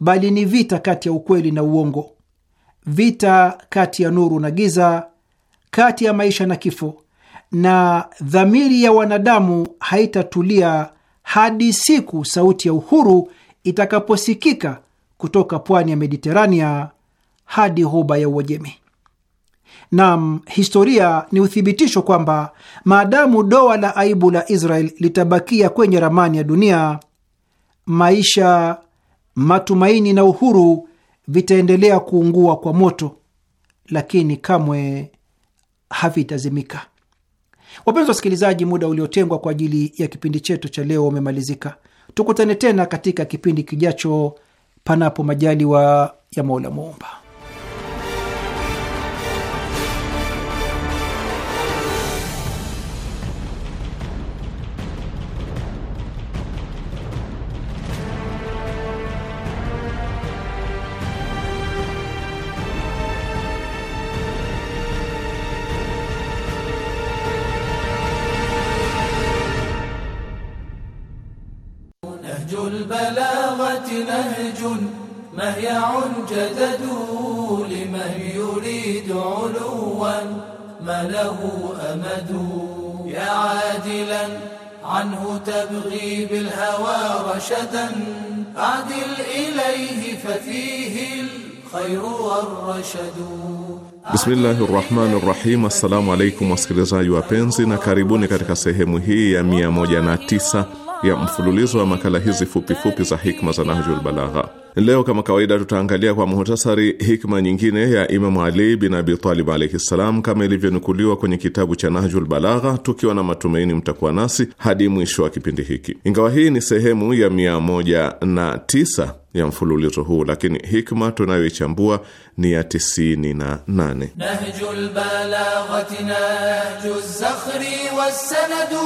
bali ni vita kati ya ukweli na uongo, vita kati ya nuru na giza, kati ya maisha na kifo, na dhamiri ya wanadamu haitatulia hadi siku sauti ya uhuru itakaposikika kutoka pwani ya Mediterania hadi ghuba ya Uajemi. Naam, historia ni uthibitisho kwamba maadamu doa la aibu la Israel litabakia kwenye ramani ya dunia, maisha, matumaini na uhuru vitaendelea kuungua kwa moto, lakini kamwe havitazimika. Wapenzi wasikilizaji, muda uliotengwa kwa ajili ya kipindi chetu cha leo umemalizika. Tukutane tena katika kipindi kijacho panapo majaliwa ya Mola Muumba. شيع جدد لمن يريد علوا ما له أمد يا عادلا عنه تبغي بالهوى رشدا عدل إليه ففيه الخير والرشد Bismillahi rrahmani rrahim. Assalamu alaikum wasikilizaji wapenzi, na karibuni katika sehemu hii ya 109 ya mfululizo wa makala hizi fupifupi za hikma za Nahjul Balagha. Leo kama kawaida, tutaangalia kwa muhtasari hikma nyingine ya Imamu Ali bin Abi Talib alaihi ssalam, kama ilivyonukuliwa kwenye kitabu cha Nahjul Balagha, tukiwa na matumaini mtakuwa nasi hadi mwisho wa kipindi hiki. Ingawa hii ni sehemu ya mia moja na tisa ya mfululizo huu, lakini hikma tunayoichambua ni ya tisini na nane. Nahjul Balagha, zakhri wassanadu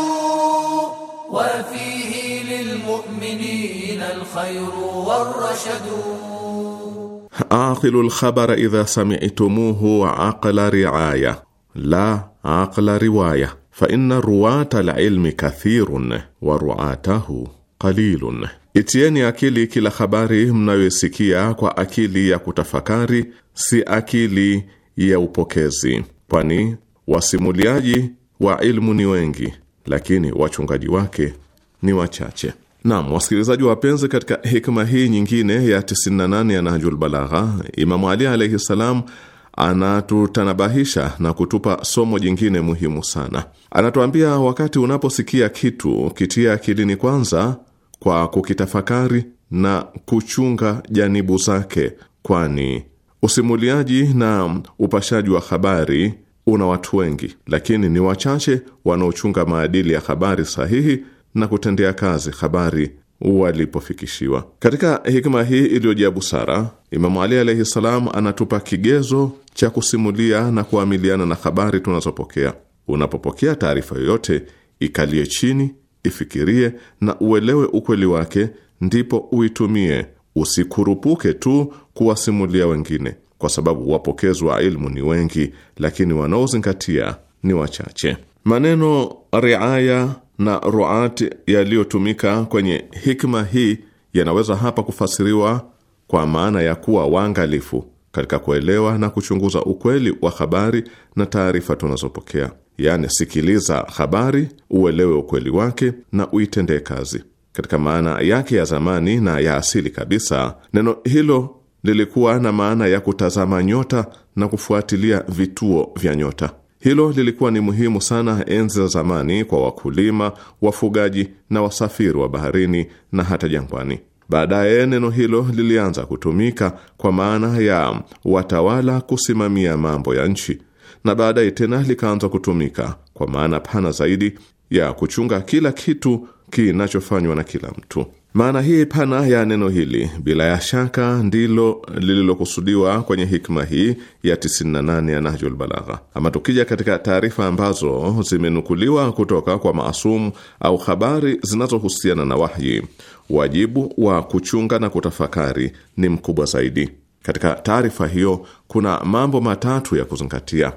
وفيه للمؤمنين الخير والرشد عاقل الخبر إذا سمعتموه عقل رعاية لا عقل رواية فإن رواة العلم كثير ورعاته qalilun, itieni akili kila habari mnayoisikia kwa akili ya kutafakari, si akili ya upokezi, kwani wasimuliaji wa ilmu ni wengi, lakini wachungaji wake ni wachache. Naam, wasikilizaji wapenzi, katika hikma hii nyingine ya 98 ya Nahjul Balagha, Imamu Ali alaihi ssalam anatutanabahisha na kutupa somo jingine muhimu sana. Anatuambia, wakati unaposikia kitu kitia akilini kwanza kwa kukitafakari na kuchunga janibu zake, kwani usimuliaji na upashaji wa habari una watu wengi, lakini ni wachache wanaochunga maadili ya habari sahihi na kutendea kazi habari walipofikishiwa. Katika hikma hii iliyojaa busara, Imamu Ali alaihi salam anatupa kigezo cha kusimulia na kuamiliana na habari tunazopokea. Unapopokea taarifa yoyote, ikalie chini, ifikirie na uelewe ukweli wake, ndipo uitumie. Usikurupuke tu kuwasimulia wengine kwa sababu wapokezwa ilmu ni wengi, lakini wanaozingatia ni wachache. Maneno riaya na ruati yaliyotumika kwenye hikma hii yanaweza hapa kufasiriwa kwa maana ya kuwa waangalifu katika kuelewa na kuchunguza ukweli wa habari na taarifa tunazopokea. Yaani, sikiliza habari, uelewe ukweli wake na uitendee kazi. Katika maana yake ya zamani na ya asili kabisa, neno hilo lilikuwa na maana ya kutazama nyota na kufuatilia vituo vya nyota. Hilo lilikuwa ni muhimu sana enzi za zamani kwa wakulima, wafugaji na wasafiri wa baharini na hata jangwani. Baadaye neno hilo lilianza kutumika kwa maana ya watawala kusimamia mambo ya nchi, na baadaye tena likaanza kutumika kwa maana pana zaidi ya kuchunga kila kitu kinachofanywa na kila mtu. Maana hii pana ya neno hili bila ya shaka ndilo lililokusudiwa kwenye hikma hii ya 98 ya Nahjul Balagha. Ama tukija katika taarifa ambazo zimenukuliwa kutoka kwa maasumu au habari zinazohusiana na wahyi, wajibu wa kuchunga na kutafakari ni mkubwa zaidi. Katika taarifa hiyo kuna mambo matatu ya kuzingatia.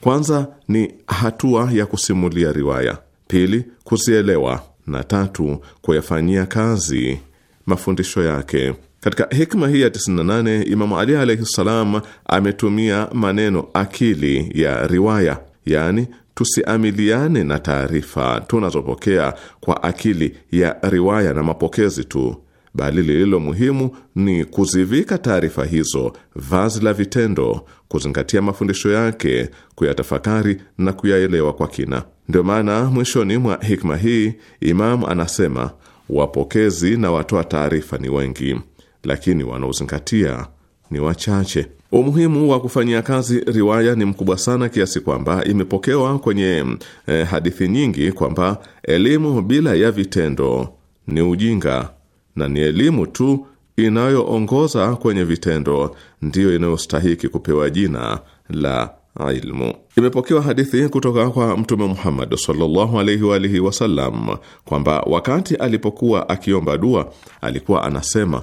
Kwanza ni hatua ya kusimulia riwaya, pili kuzielewa na tatu kuyafanyia kazi mafundisho yake. Katika hikma hii ya 98 Imamu Ali alaihi ssalam ametumia maneno akili ya riwaya, yaani tusiamiliane na taarifa tunazopokea kwa akili ya riwaya na mapokezi tu, bali lililo muhimu ni kuzivika taarifa hizo vazi la vitendo kuzingatia mafundisho yake, kuyatafakari na kuyaelewa kwa kina. Ndio maana mwishoni mwa hikma hii Imam anasema wapokezi na watoa taarifa ni wengi, lakini wanaozingatia ni wachache. Umuhimu wa kufanyia kazi riwaya ni mkubwa sana kiasi kwamba imepokewa kwenye eh, hadithi nyingi kwamba elimu bila ya vitendo ni ujinga na ni elimu tu inayoongoza kwenye vitendo ndiyo inayostahiki kupewa jina la ilmu. Imepokewa hadithi kutoka kwa Mtume Muhammad sallallahu alaihi wa alihi wasallam kwamba wakati alipokuwa akiomba dua alikuwa anasema,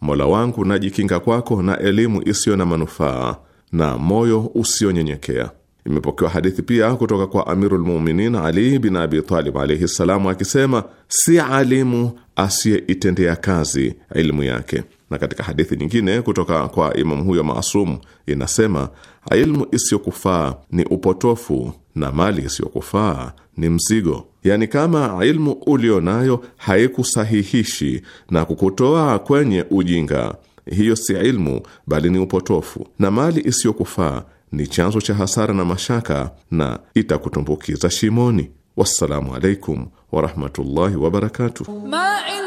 Mola wangu najikinga kwako na elimu isiyo na manufaa na moyo usionyenyekea Imepokewa hadithi pia kutoka kwa Amirul Mu'minin Ali bin Abi Talib alayhi salamu akisema, si alimu asiyeitendea kazi ilmu yake. Na katika hadithi nyingine kutoka kwa imamu huyo maasumu inasema, ilmu isiyokufaa ni upotofu na mali isiyokufaa ni mzigo. Yaani, kama ilmu ulio nayo haikusahihishi na kukutoa kwenye ujinga, hiyo si ilmu bali ni upotofu, na mali isiyokufaa ni chanzo cha hasara na mashaka na itakutumbukiza shimoni. Wassalamu alaikum warahmatullahi wabarakatuh. ma in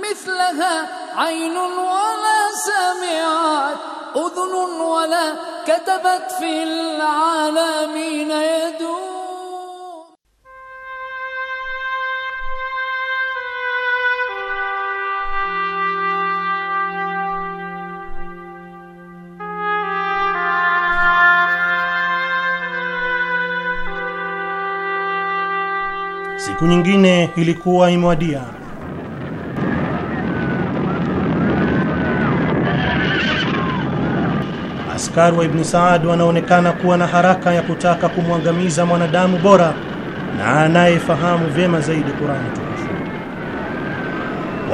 mithlaha aynun wala samiat udhunun wala katabat fil alamin yadu siku nyingine ilikuwa imewadia. Askari wa Ibni Saad wanaonekana kuwa na haraka ya kutaka kumwangamiza mwanadamu bora na anayefahamu vyema zaidi Kurani tukufu.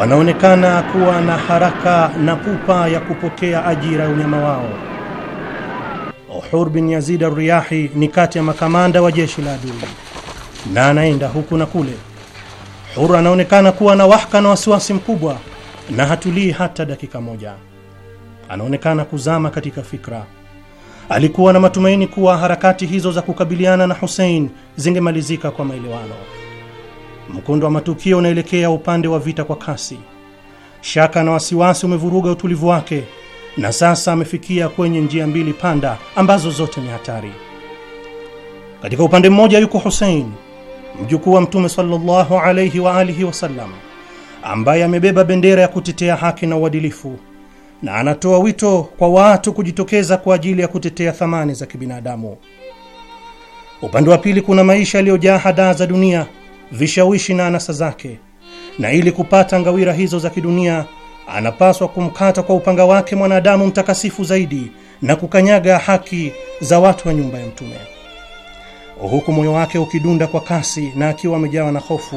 Wanaonekana kuwa na haraka na pupa ya kupokea ajira ya unyama wao. Uhur bin Yazid Arriyahi ni kati ya makamanda wa jeshi la adui na anaenda huku na kule. Hur anaonekana kuwa na wahaka na wasiwasi mkubwa na hatulii hata dakika moja. Anaonekana kuzama katika fikra. Alikuwa na matumaini kuwa harakati hizo za kukabiliana na Hussein zingemalizika kwa maelewano. Mkondo wa matukio unaelekea upande wa vita kwa kasi. Shaka na wasiwasi umevuruga utulivu wake, na sasa amefikia kwenye njia mbili panda ambazo zote ni hatari. Katika upande mmoja yuko Hussein mjukuu wa Mtume sallallahu alayhi wa alihi wasallam, ambaye amebeba bendera ya kutetea haki na uadilifu na anatoa wito kwa watu kujitokeza kwa ajili ya kutetea thamani za kibinadamu. Upande wa pili kuna maisha yaliyojaa hadaa za dunia, vishawishi na anasa zake, na ili kupata ngawira hizo za kidunia anapaswa kumkata kwa upanga wake mwanadamu mtakasifu zaidi na kukanyaga haki za watu wa nyumba ya Mtume huku moyo wake ukidunda kwa kasi na akiwa amejawa na hofu.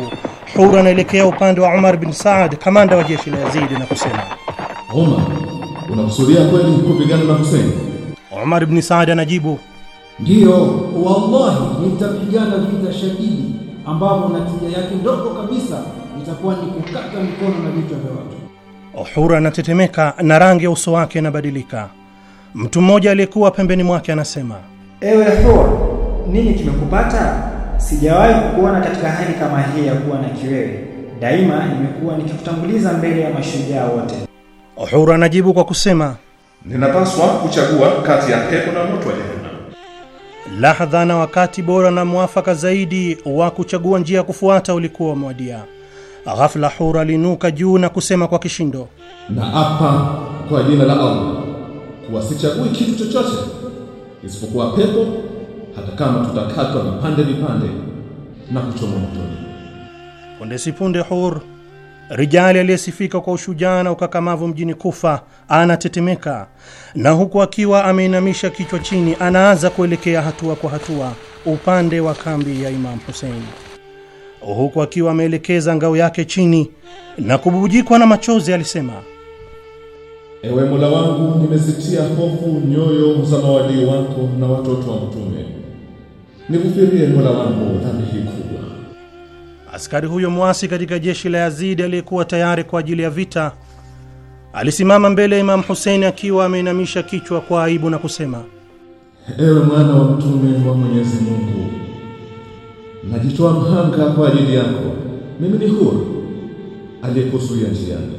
Hur anaelekea upande wa Umar bin Saad, kamanda wa jeshi la Yazidi, na kusema, Umar, unakusudia kweli kupigana na Hussein? Umar bin Saad anajibu, ndiyo, wallahi nitapigana vita shadidi ambapo na yake ndogo kabisa itakuwa ni kukata mikono na vichwa vya watu. Uhura anatetemeka na rangi ya uso wake inabadilika. Mtu mmoja aliyekuwa pembeni mwake anasema, ewe Hura, nini kimekupata? Sijawahi kukuona katika hali kama hii ya kuwa na kiwewe. Daima nimekuwa nikikutanguliza mbele ya mashujaa wote. Uhuru anajibu kwa kusema, ninapaswa kuchagua kati ya pepo na moto wa jehanamu. Lahadha na wakati bora na mwafaka zaidi wa kuchagua njia ya kufuata ulikuwa mwadia. Ghafla Hur alinuka juu na kusema kwa kishindo, na apa kwa jina la Allah kuwa sichagui kitu chochote isipokuwa pepo hata kama tutakatwa vipande vipande na kuchomwa motoni. Punde si punde, Hur rijali aliyesifika kwa ushujaa na ukakamavu mjini Kufa anatetemeka na huku akiwa ameinamisha kichwa chini, anaanza kuelekea hatua kwa hatua upande wa kambi ya Imamu Husein, huku akiwa ameelekeza ngao yake chini na kububujikwa na machozi, alisema: Ewe Mola wangu, nimesitia hofu nyoyo za mawalii wako na watoto wa Mtume nikufirie Mola wangu dhambi kubwa. Askari huyo mwasi katika jeshi la Yazidi aliyekuwa tayari kwa ajili ya vita alisimama mbele ya Imamu Huseini akiwa ameinamisha kichwa kwa aibu na kusema, ewe mwana wa mtume wa Mwenyezi Mungu, najitoa mhanga kwa ajili yako. Mimi ni huru aliyekuzuia njiani,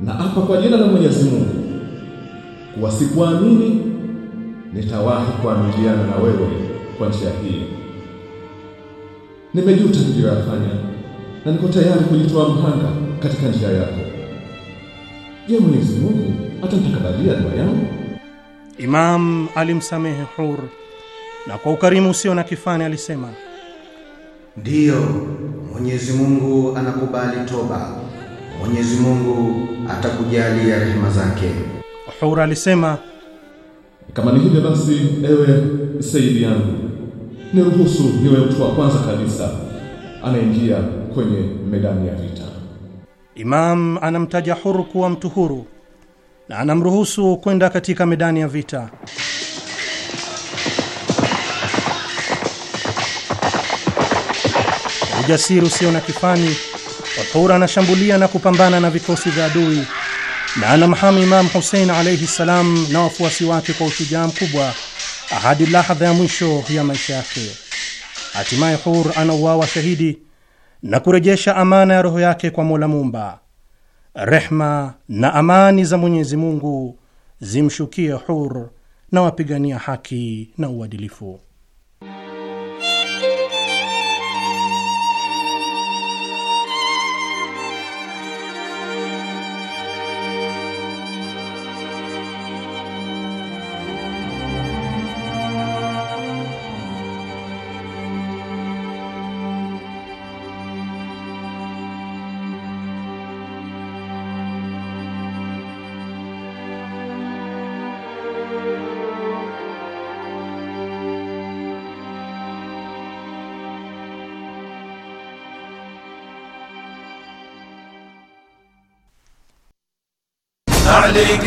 na hapa kwa jina la Mwenyezi Mungu kuwa sikuamini, nitawahi kuamiliana na wewe kwa njia hii. Nimejuta niliyoyafanya na niko tayari kujitoa mhanga katika njia yako. Je, Mwenyezi Mungu atanitakabalia dua yangu? Imam alimsamehe Hur na kwa ukarimu usio na kifani alisema, ndiyo, Mwenyezi Mungu anakubali toba. Mwenyezi Mungu atakujalia rehema zake. Hur alisema kama ni hivyo basi, ewe seidi yangu, niruhusu niwe mtu wa kwanza kabisa anaingia kwenye medani ya vita. Imam anamtaja huru kuwa mtu huru na anamruhusu kwenda katika medani ya vita. Ujasiri usio na kifani, Wathura anashambulia na kupambana na vikosi vya adui na anamhamu Imamu Husein alaihi ssalam na wafuasi wake kwa ushujaa mkubwa hadi lahadha ya mwisho ya maisha yake. Hatimaye Hur anauawa shahidi na kurejesha amana ya roho yake kwa Mola mumba Rehma na amani za Mwenyezi Mungu zimshukie Hur na wapigania haki na uadilifu.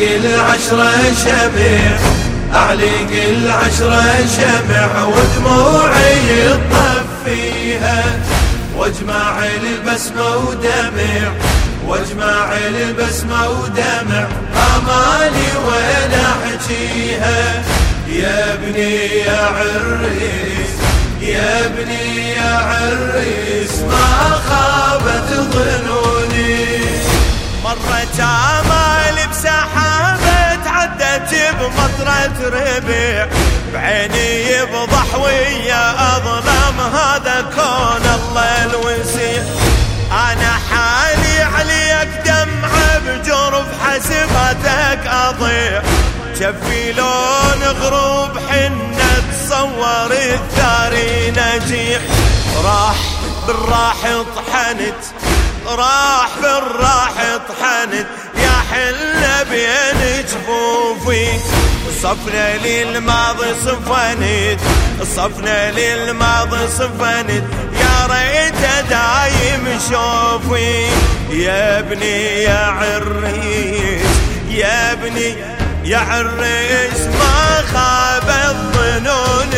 العشرة شمع أعلق العشرة شمع ودموعي تطفيها واجمع البسمة ودمع واجمع البسمة ودمع أمالي وين أحجيها يا ابني يا عريس يا ابني يا عريس ما خابت ظنوني مرت امالي بسحابه تعدت بمطرة ربيع بعيني يفضح ويا اظلم هذا كون الله الوسيع انا حالي عليك دمعة بجرف حسبتك اضيع شفي لون غروب حنة تصور الثاري نجيح راح بالراح طحنت راح في الراح طحنت يا حلة بين جفوفي صفنا للماضي صفنت صفنا للماضي صفنت يا ريت دايم شوفي يا ابني يا عريس يا ابني يا عريس ما خاب الظنون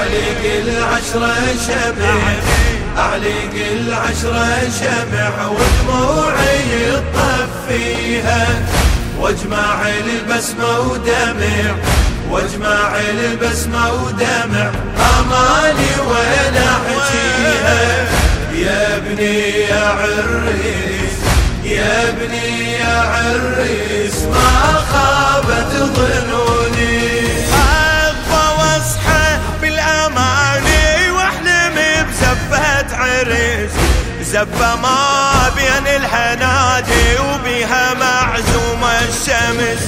عليك العشرة شبيه أعليق العشرة شمع ودموعي يطفيها واجمع البسمة ودمع واجمع البسمة ودمع أمالي وين أحجيها يا ابني يا عريس يا ابني يا عريس ما خابت ظنوني الحرس زبة ما بين الحنادي وبيها معزومة الشمس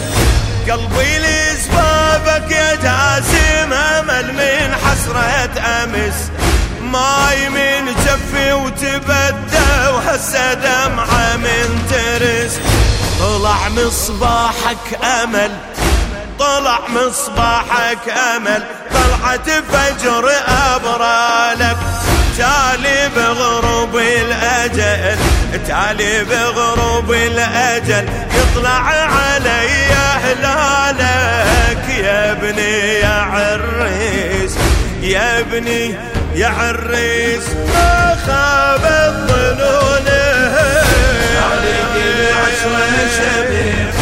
قلبي لسبابك يا جاسم أمل من حسرة أمس ماي من جفي وتبدى وهسة دمعة من ترس طلع مصباحك أمل طلع مصباحك أمل طلعت فجر أبرالك تالي بغروب الأجل تالي بغروب الأجل يطلع علي هلالك يا ابني يا عريس يا ابني يا عريس ما خاب الظنون عليك العشرة شبع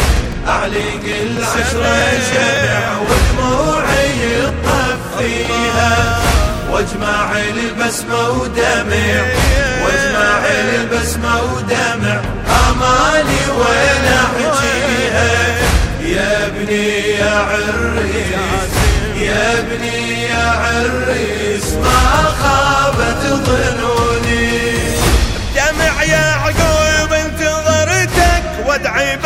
عليك العشرة شبع ودموعي تطفيها واجمع البسمة ودمع واجمع البسمة ودمع امالي وين احجيها يا ابني يا عريس يا ابني يا عريس ما خابت ظنوني دمع يا عقوب انتظرتك وادعي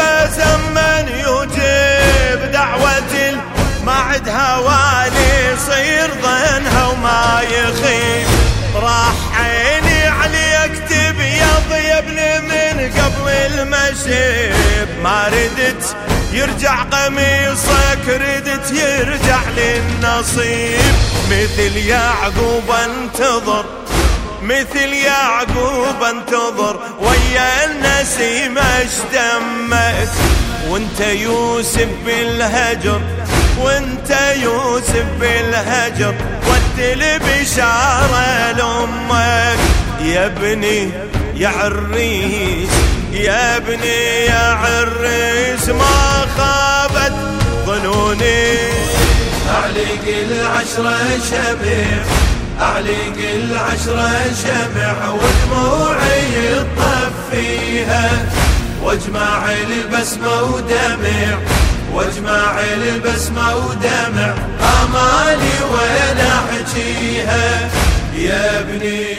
من يجيب دعوة ما عد هوالي يصير ظنها وما يخيب راح عيني عليك تبيض يا ابن من قبل المشيب ما ردت يرجع قميصك ردت يرجع للنصيب مثل يعقوب انتظر مثل يعقوب انتظر ويا النسيم اشتمت دمت وانت يوسف بالهجر وانت يوسف بالهجر ودي بشارة لأمك يا ابني يا عريس يا ابني يا عريس ما خابت ظنوني أعلق العشرة شبع أعلق العشرة شبع ودموعي يطفيها واجمع البسمة ودمع واجمع البسمة ودمع امالي وين احكيها يا ابني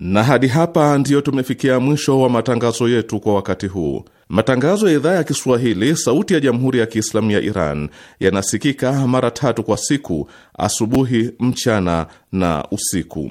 na hadi hapa ndiyo tumefikia mwisho wa matangazo yetu kwa wakati huu. Matangazo ya idhaa ya Kiswahili sauti ya jamhuri ya Kiislamu ya Iran yanasikika mara tatu kwa siku: asubuhi, mchana na usiku.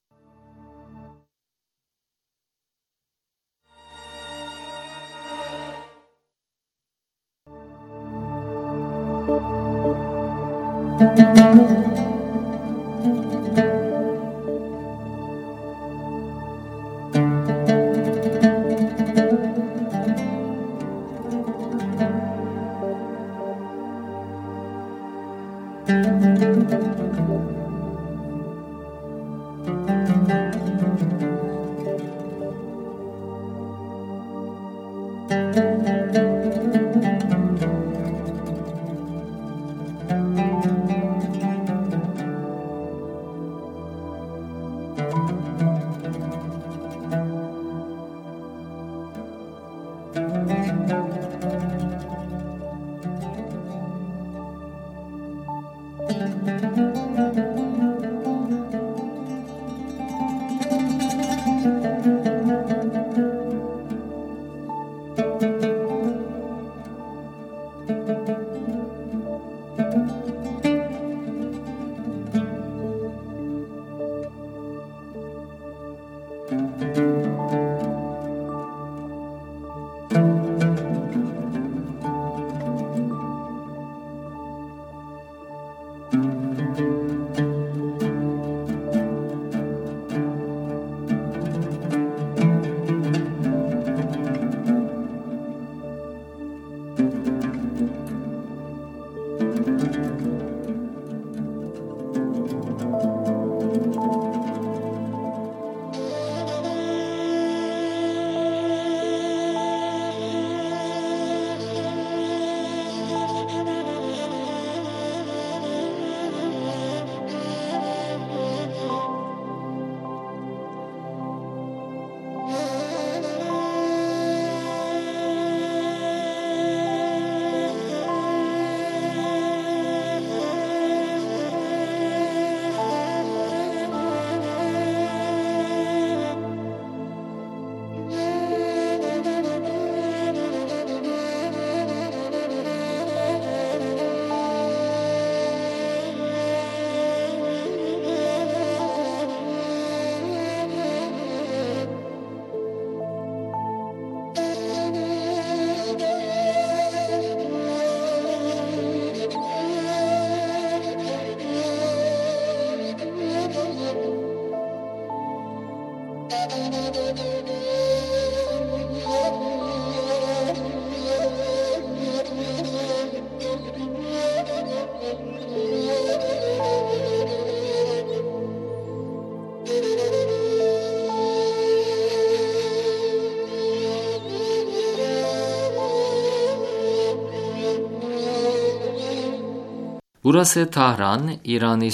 Thank you. Burası Tahran, İran'ı